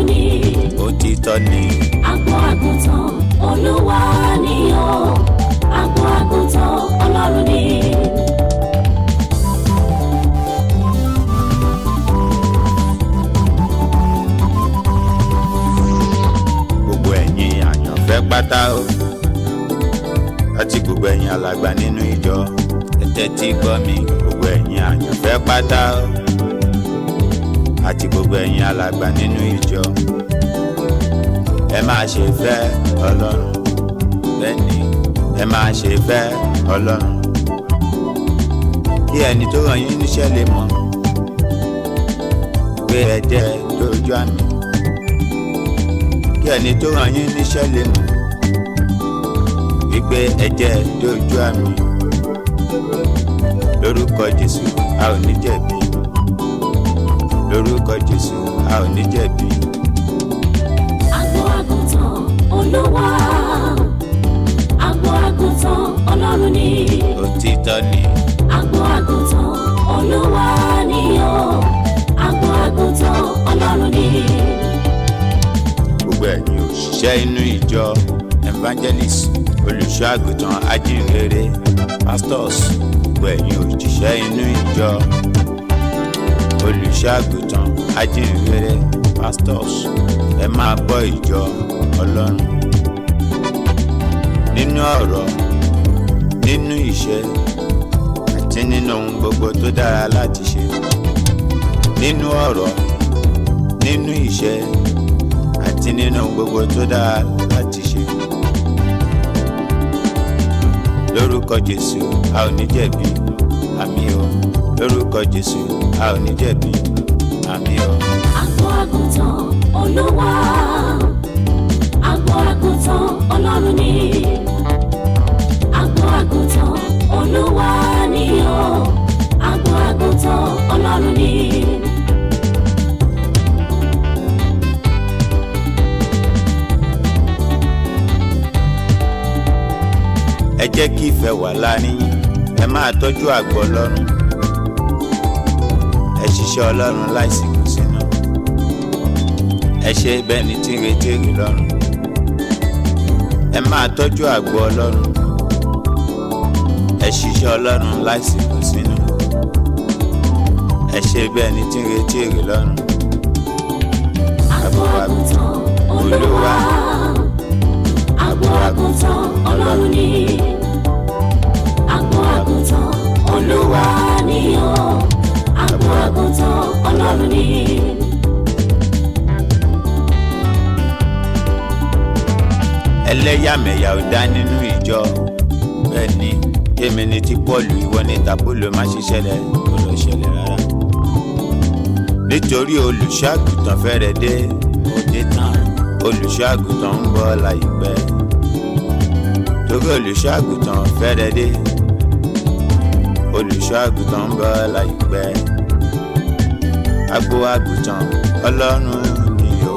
ọlọ́run ni. òtítọ́ ni. àgbo àgùntàn olúwa ni ó. àgbo àgùntàn ọlọ́run ni. gbogbo ẹ̀yin àyànfẹ́ pátá o àti gbogbo ẹ̀yin alàgbà nínú ìjọ ẹ tẹ́tí gbọ́ mi gbogbo ẹ̀yin àyànfẹ́ pátá o àti gbogbo ẹ̀yin alàgbà nínú ìjọ ẹ máa ṣe fẹ́ ọlọ́run bẹ́ẹ̀ni ẹ máa ṣe fẹ́ ọlọ́run kí ẹni tó ràn yín níṣẹ́ lè mọ̀ pé ẹ jẹ́ lójú àmì kí ẹni tó ràn yín níṣẹ́ lè mọ̀ wípé ẹ jẹ́ lójú àmì lórúkọ Jésù a ò ní jẹ̀bi lórúkọ jésù a ò ní jẹ̀bi. àgbo àgùntàn olúwa àgbo àgùntàn ọlọ́run ni. òtítọ́ ni. àgbo àgùntàn olúwa ni o àgbo àgùntàn ọlọ́run ni. gbogbo ẹ̀yin òṣìṣẹ́ inú ìjọ evangelist olùṣọ́ àgùntàn ajínrere pastors gbogbo ẹ̀yin òṣìṣẹ́ inú ìjọ olùṣọ́àgùtàn ajínrere pastors ẹ máa bọ́ ìjọ ọlọ́run nínú ọ̀rọ̀ nínú ìṣe àti nínú ohun gbogbo tó dára láti ṣe nínú ọ̀rọ̀ nínú ìṣe àti nínú ohun gbogbo tó dára láti ṣe lórúkọ Jésù a ò ní jẹ̀bi. àmì o lórúkọ jésù a ò ní jẹ̀bi àmì o. àgọ́ àgùntàn olúwa àgọ́ àgùntàn ọlọ́run ni àgọ́ àgùntàn olúwa ni o àgọ́ àgùntàn ọlọ́run ni. ẹ jẹ́ kí ìfẹ́ wà láàrin ẹ máa tọ́jú àgọ́ ọlọ́run ẹ ṣiṣẹ́ ọlọ́run láìsìkò sínú ẹ ṣe bẹ́ẹ̀ ni tí ń retí èrè lọ́run ẹ máa tọ́jú àgọ́ ọlọ́run ẹ ṣiṣẹ́ ọlọ́run láìsìkò sínú ẹ ṣe bẹ́ẹ̀ ni tí ń retí èrè lọ́run. ẹ̀yà ò dá nínú ìjọ bẹ́ẹ̀ ni èmi ni ti pọ́ọ̀lù ìwọ ni tàbólò má ṣiṣẹ́lẹ̀ kò lọ ṣẹlẹ̀ rárá. nítorí olùṣọ́àgùtàn fẹ́rẹ̀ dé ó dé tán olùṣọ́àgùtàn ń bọ̀ láìpẹ́ torí olùṣọ́àgùtàn fẹ́rẹ̀ dé olùṣọ́àgùtàn ń bọ̀ láìpẹ́ agbo àgùtàn ọlọ́run ni o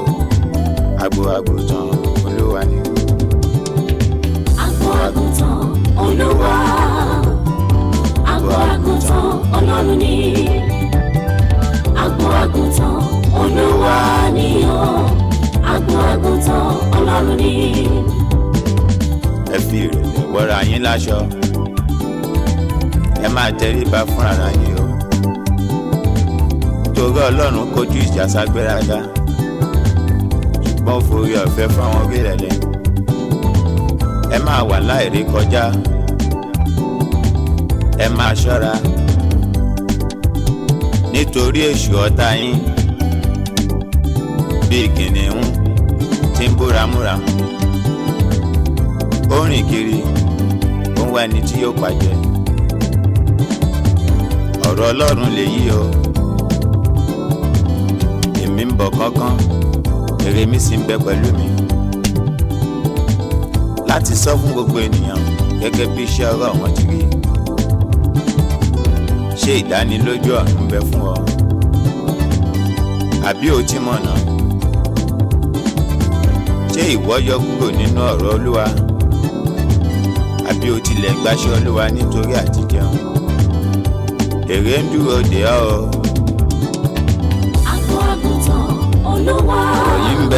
agbo àgùtàn olúwa ni o àgùntàn olúwa àgbo àgùntàn ọlọ́run ni àgbo àgùntàn olúwa nìyọ àgbo àgùntàn ọlọ́run ni. ẹ fi ìrẹ̀lẹ̀ wọra yín láṣọ ẹ máa tẹríba fúnra yín o torí ọlọ́run kojú ìjà ságbéraga ṣùgbọ́n forí ọ̀fẹ́ fáwọn gbé rẹ̀ ẹ máa wà láìrí kọjá ẹ máa ṣọ́ra nítorí èṣù ọ̀tá yín bíi kìnìún tí ń bú ramúramù ó rìn kiri ó ń wá ẹni tí yóò pàjẹ́ ọ̀rọ̀ ọlọ́run lèyí o èmi ń bọ̀ kánkán èrè mi sì ń bẹ pẹ̀lú mi láti sọ fún gbogbo ènìyàn gẹ́gẹ́ bí iṣẹ́ ọwọ́ wọn ti rí ṣé ìdánilójú ọ̀run bẹ fún ọ àbí o ti mọ̀nà ṣé ìwọ yọ kúrò nínú ọ̀rọ̀ Olúwa àbí o tilẹ̀ gbaṣẹ́ Olúwa nítorí àtijẹun èrè ń dúró dè ọ́ o.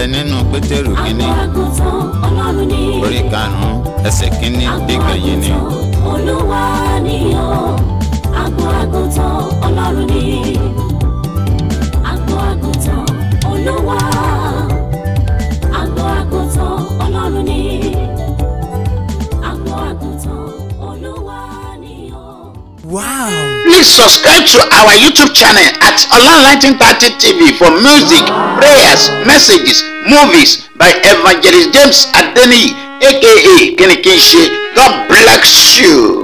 rẹ̀ nínú pétérù kínní orí karùn-ún kínní dígbẹ̀yìn ni. ni Wow! Please subscribe to our YouTube channel at Olanlighten Party TV for music, prayers, messages, movies by Evangelist James Adeni, aka Kenny Kinshi. God bless you.